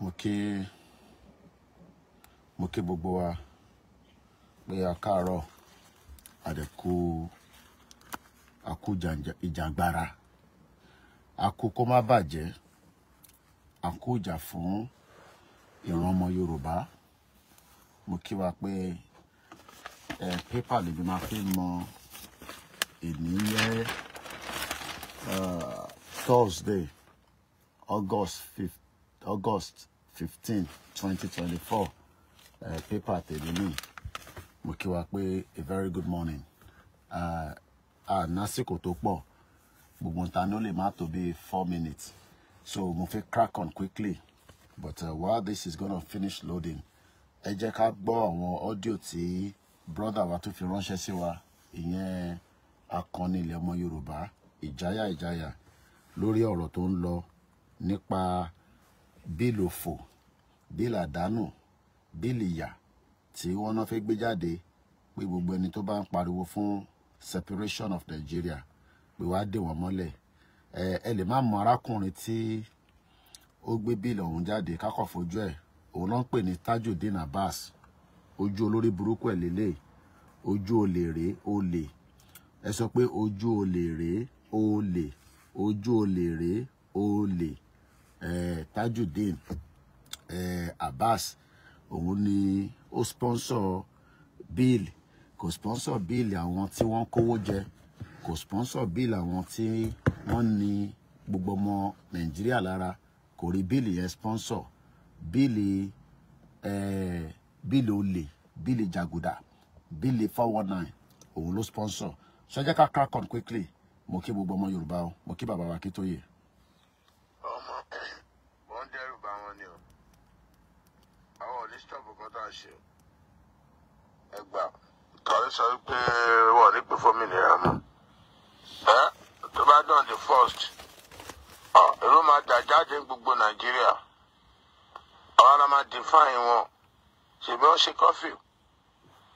mo kí gbogbo wa pé a káàárọ̀ àdẹ̀kú àkú ìjàngbara àkú kó má bàjẹ́ àkú ìjà fún ìran ọmọ Yorùbá mo kí wa pé ẹ pépà lèmi máa fi mọ èmi yẹ Thursday August 15. fifteen twenty twenty four eh, Paper tèmi nìyí mo kí wa pé a very good morning ànásìkò eh, tó pọ̀ gbogbo nta ni ó lè má tó bí four minutes so mo fi crack on quickly but uh, while this is gonna finish loading ẹ jẹ́ ká gbọ́ àwọn ọ́díò tí brother wa tó fi ránṣẹ́ sí wa ìyẹn akọni ilẹ̀ ọmọ Yorùbá ìjáyà ìjáyà lórí ọ̀rọ̀ tó ń lọ nípa bíìlì òfò bíìlì àdánù bíìlì ìyà tí wọ́n náà fẹ́ gbé jáde pé gbogbo ẹni tó bá ń pariwo fún separation of Nigeria pé wàá dè wọ́n mọ́lẹ̀ ẹ ẹ lè má mọ arákùnrin tí ó gbé bíìlì ọ̀hún jáde kákọ̀ fojú ẹ̀ òun náà ń pè ní Tajudeen Abbas ojú olórí burúkú ẹ̀ lélẹ̀ ojú olè rèé olè ẹ sọ pé ojú olè rèé olè ojú olè rèé olè. Eh, Tajudeen eh, Abbas òun ni ó sponsor bill kò sponsor bill àwọn tí wọ́n kówó jẹ kò sponsor bill àwọn tí wọ́n ní gbogbo ọmọ Nàìjíríà lára kò rí bíìlì yẹn sponsor Bill eh, bíìlì olè bíìlì jàgùdà bíìlì four one nine òun ló sponsor ṣọjá ká crack on quickly mo kí gbogbo ọmọ Yorùbá o mo kí bàbá wa kí tó yẹ. ṣe ẹ gbà. kàwé sọ pé wọn ò ní pè fún mi nìyà mọ ẹ tó bá dán the first èrò máa dà jáde gbogbo nàìjíríà àwọn ará máa define wọn ṣèbí wọn ṣe kọfíù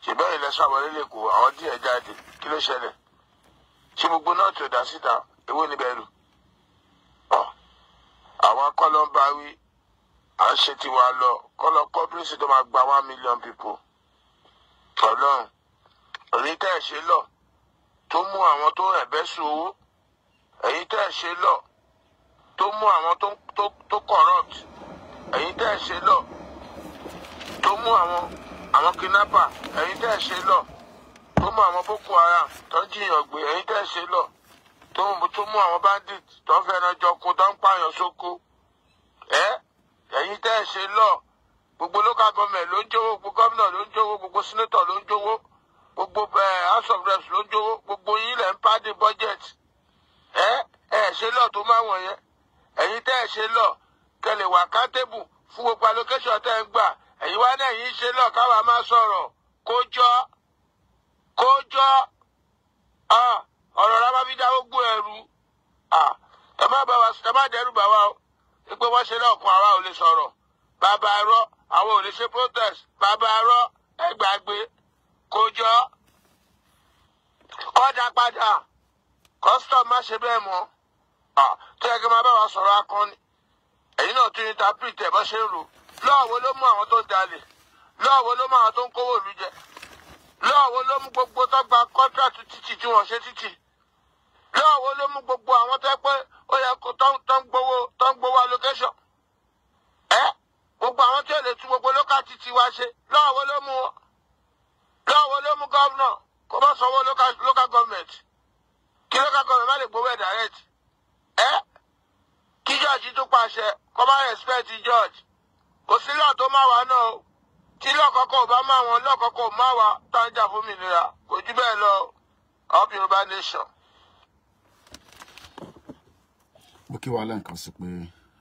ṣèbí ilẹ̀ sáwọlé lẹ́kọ̀ọ́ àwọn díẹ̀ jáde kí ló ṣẹlẹ̀ ṣé gbogbo náà tó dá síta ewé níbẹ̀ lù àwọn akọ́lọ́ ń bá wí à ń ṣe tiwa lọ kọlọ pọpulẹsì tó máa gba one million people Ọlọ́run èyí tẹ́ ẹ ṣe lọ tó mú àwọn tó ẹbẹ sùn owó èyí tẹ́ ẹ ṣe lọ tó mú àwọn tó corrupt èyí tẹ́ ẹ ṣe lọ tó mú àwọn àwọn kidnapper èyí tẹ́ ẹ ṣe lọ tó mú àwọn boko haram tó jiyàn gbé èyí tẹ́ ẹ ṣe lọ tó mú àwọn bandits. tó ń fẹ́ràn jọkun tó ń pààyàn sóko ẹ. Eh? ẹ̀yin tẹ́ ẹ̀ ṣe lọ gbogbo local government ló ń jówó gbogbo gómìnà ló ń jówó gbogbo senator ló ń jówó gbogbo eh, house of reps ló ń jówó gbogbo yín lẹ̀ ń pàdé budget ẹ ẹ ṣe lọ tó máa wọ̀nyẹn ẹ̀yin tẹ́ ẹ̀ ṣe lọ kẹlẹ̀ wà kántébù fún gbogbo allocation tẹ́ ẹ ń gbà ẹ̀yin wá náà yín ṣe lọ káwa máa sọ̀rọ̀ kó jọ kó jọ rábàbí dáwó gbó ẹrú ẹ má dẹ́rù bàwá o. wípé wọ́n ṣe náà kun àwa ò lè sọ̀rọ̀ bàbá arọ́ àwọn ò lè ṣe protest bàbá arọ́ ẹgbàgbé kójọ kọ́dà padà custom má ṣe bẹ́ẹ̀ mọ́ tó yẹ kí n máa bá wa sọ̀rọ̀ akọni ẹ̀yin náà tún interpret ẹ̀ bọ́ ṣe ń rò lọ́ọ̀wọ́ ló mú àwọn tó ń jalè lọ́ọ̀wọ́ ló mú àwọn tó ń kówó ìlú jẹ lọ́ọ̀wọ́ ló mú gbogbo tó gba contract títì tí wọ́n ṣe títì lọ́wọ́ wo ló mú gbogbo àwọn tẹ́ pé ó yẹ kó tán gbowó tán gbowó allocation ẹ gbogbo àwọn tí lè tún gbogbo local títí wa ṣe lọ́wọ́ wo ló mú wọn lọ́wọ́ wo ló mú gọ́vnà kó bá sanwó local government kí local government má lè gbowó ẹ̀ direct ẹ kí george tún pàṣẹ kó bá respect george kò sí lọ́ọ̀ tó má wà náà o tí lọ́kọ̀ọ́kọ́ ò bá máa wọn lọ́kọ̀ọ́kọ́ ò má wà tá à ń jà fún òmìnira kò jù bẹ́ẹ̀ lọ Up Yoruba Nation. mo kí wa lẹ́ǹkan sí pé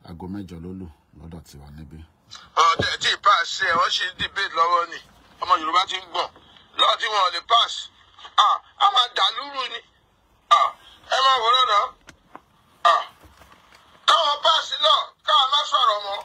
aago mẹ́jọ ló lù lọ́dọ̀ tiwa níbí. ọ̀dẹ tí pass ṣe wọ́n ṣe debate lọ́wọ́ ni ọmọ yorùbá ti ń gbọ̀n lọ́wọ́ tí wọ́n lè pass a máa dàlúrú ni ẹ máa wọ́n Ah, káwọn pass náà káwọn má sọ̀rọ̀ mọ́.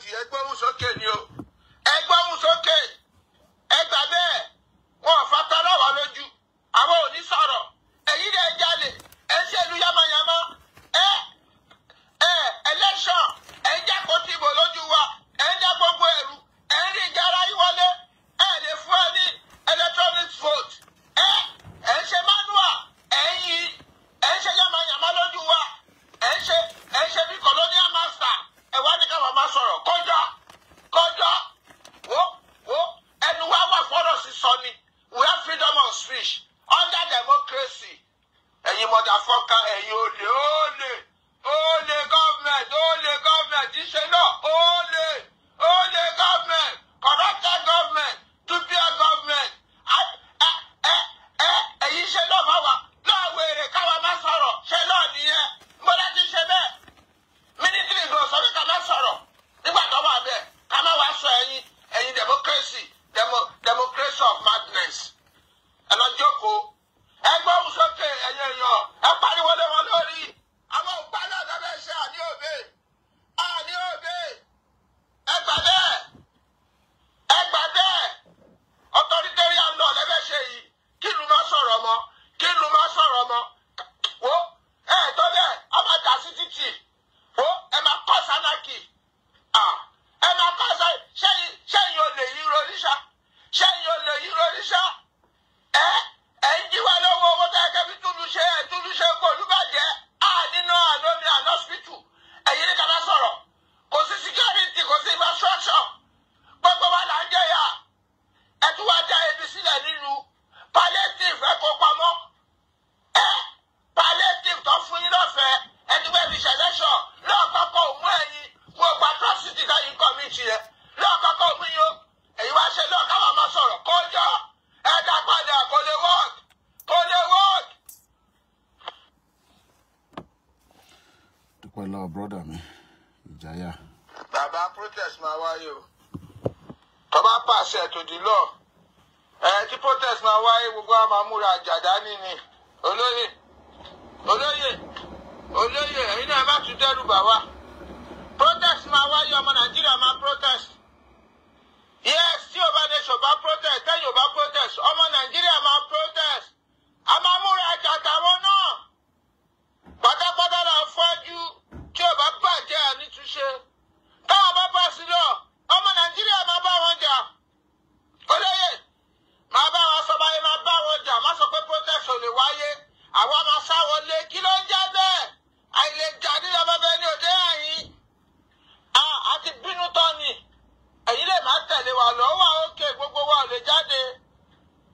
di ẹgbẹ́ òun sókè ni o. máa múra àjàdá nìní olóyè olóyè olóyè ẹ̀yin náà má tún dẹ́rù bà wá protest máa wáyé ọmọ nàìjíríà máa protest yes tí o bá nation bá protest tẹ́yìn ò bá protest ọmọ nàìjíríà máa protest a máa múra àjàdá wọn náà pátápátá là ń fọ́jú tí o bá bàjẹ́ ànítúnṣe táwọn bá bá sí lọ. wáyé àwa máa sá wọlé kí ló ń jẹ́ bẹ́ẹ̀ àìlèjà nílò bẹbẹ ní òde ẹ̀yìn àti bínú tán ni ẹ̀yin lè má tẹ̀lé wa lọ wà ókè gbogbo wa ò lè jáde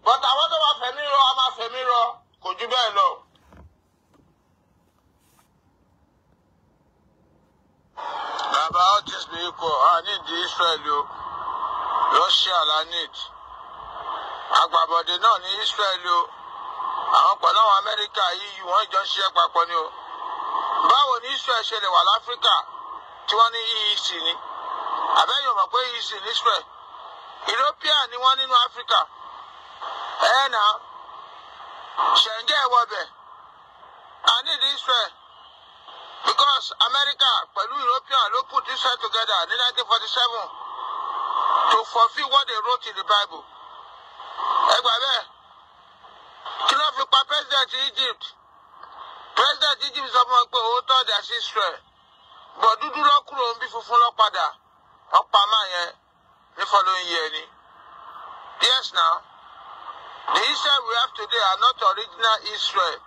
bọ̀tà àwọn tó wà fẹ̀mí rọ a máa fẹ̀mí rọ kò jù bẹ́ẹ̀ lọ. bàbá all things be equal a need the Israel o Russia la need agbàbọ̀dé náà ní Israel o àwọn pẹ̀lú àwọn amẹ́ríkà EU wọ́n jọ ń ṣiṣẹ́ papọ̀ ni o báwo ni Israel ṣe lè wà láfíríkà tí wọ́n ní EEC ni àbẹ́yìn mọ̀ pé EEC ní Israel European ni wọ́n nínú Áfíríkà ẹ̀ nà ṣẹ̀ǹgẹ̀ wọbẹ̀ I need Israel because America pẹ̀lú European ló put Israel together ní 1947 to fulfil what they wrote in the Bible ẹ gbà bẹ́ẹ̀ kí ló fi pa president Egypt president Egypt sọ fún wọn pé òótọ́ ọ̀dà sí Israel bọ̀ dúdú lọ́kùnrin òun bí funfun lọ padà ọ̀pá máa yẹn ní following year ni yes now the Israel we have today are not original Israel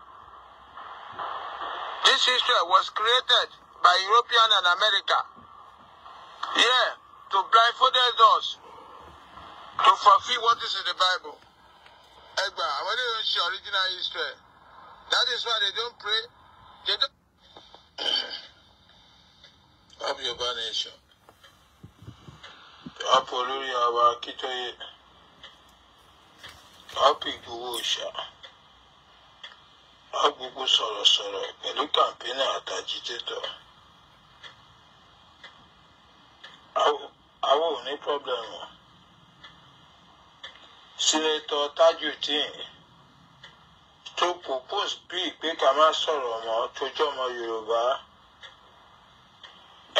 this Israel was created by European and America yeah to blindfold us to fulfill what is in the Bible ẹgbà àwọn eléyìí ń original history that is why they don't pray they don't. help Yorùbá nation help olórí àwa Akíntóyè help Ìgbòho Òòṣà help gbogbo sọ̀rọ̀sọ̀rọ̀ pẹ̀lú kàmpẹ́nà àtàjítétọ̀ àwọn ò ní pọ́blẹ̀mù senator tajudeen tó propose bíi pé ká má sọ̀rọ̀ mọ́ tó jọmọ yorùbá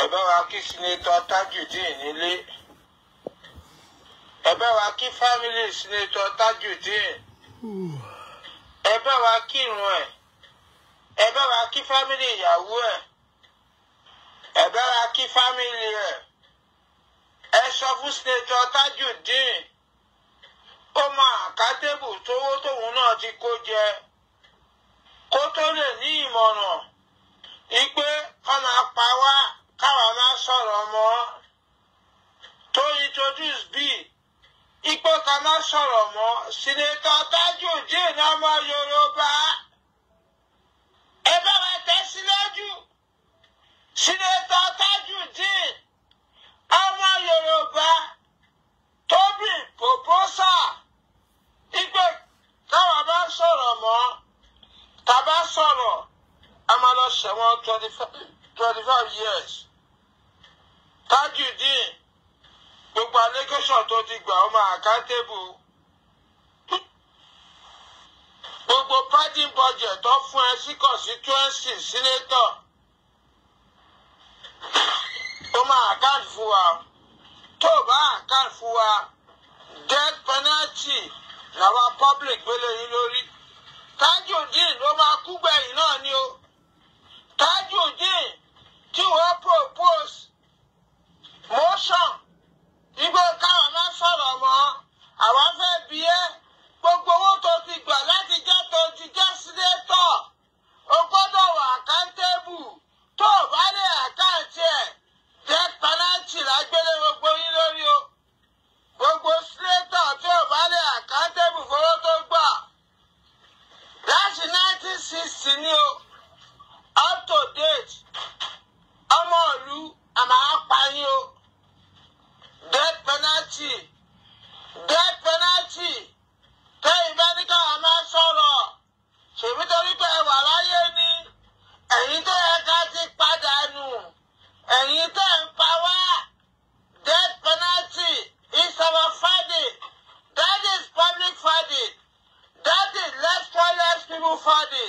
ẹ bá wa kí senator tajudeen nílé ẹ bá wa kí family senator tajudeen ẹ bá wa kí irun ẹ ẹ bá wa kí family ìyàwó ẹ ẹ bá wa kí family ẹ ẹ sọ fún senator tajudeen. kó ma ká tébù tówó tóun náà ti kó jẹ kó tó lè ní ìmọ̀ràn wípé kọ́ máa pa wá káwa máa sọ̀rọ̀ mọ́ tó introduce bill ipò ká máa sọ̀rọ̀ mọ́ sinetọ̀ tájù dín ọmọ Yorùbá ẹ bá wa tẹ́ sílẹ̀ jù sinetọ̀ dín. 25, 25 years Tajudeen gbogbo allegation tó ti gbà ọmọ àkátébù gbogbo padding budget tó fún ẹ sí constituency senator ó máa àkáǹtì fún wa tó o bá àkáǹtì fún wa death penalty làwọn public gbélé yín lórí Tajudeen ló máa kú gbẹ̀yìn náà ni o tajudeen tí wọ́n propose motion igbó káwọn náà sọ̀rọ̀ mọ́ àwọn fẹ́ bí ẹ́ gbogbo owó tó ti gbà láti jẹ́ tó ti jẹ́ sínétọ̀ o gbọ́dọ̀ wà káńtẹ́bù tó o bá lè Friday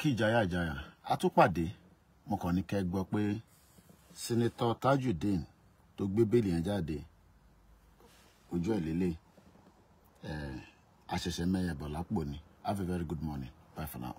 kí ìjáyà ìjáyà a tún pàdé mo kàn ní kẹ́ gbọ́ pé sẹ́nẹ́tọ̀ tajudeen tó gbé bẹ́ẹ̀lì yẹn jáde ojú ẹ̀ lélẹ̀ ẹ̀ àṣẹ̀ṣẹ̀ mẹ́yẹ̀ lápò ni have a very good morning bye for now.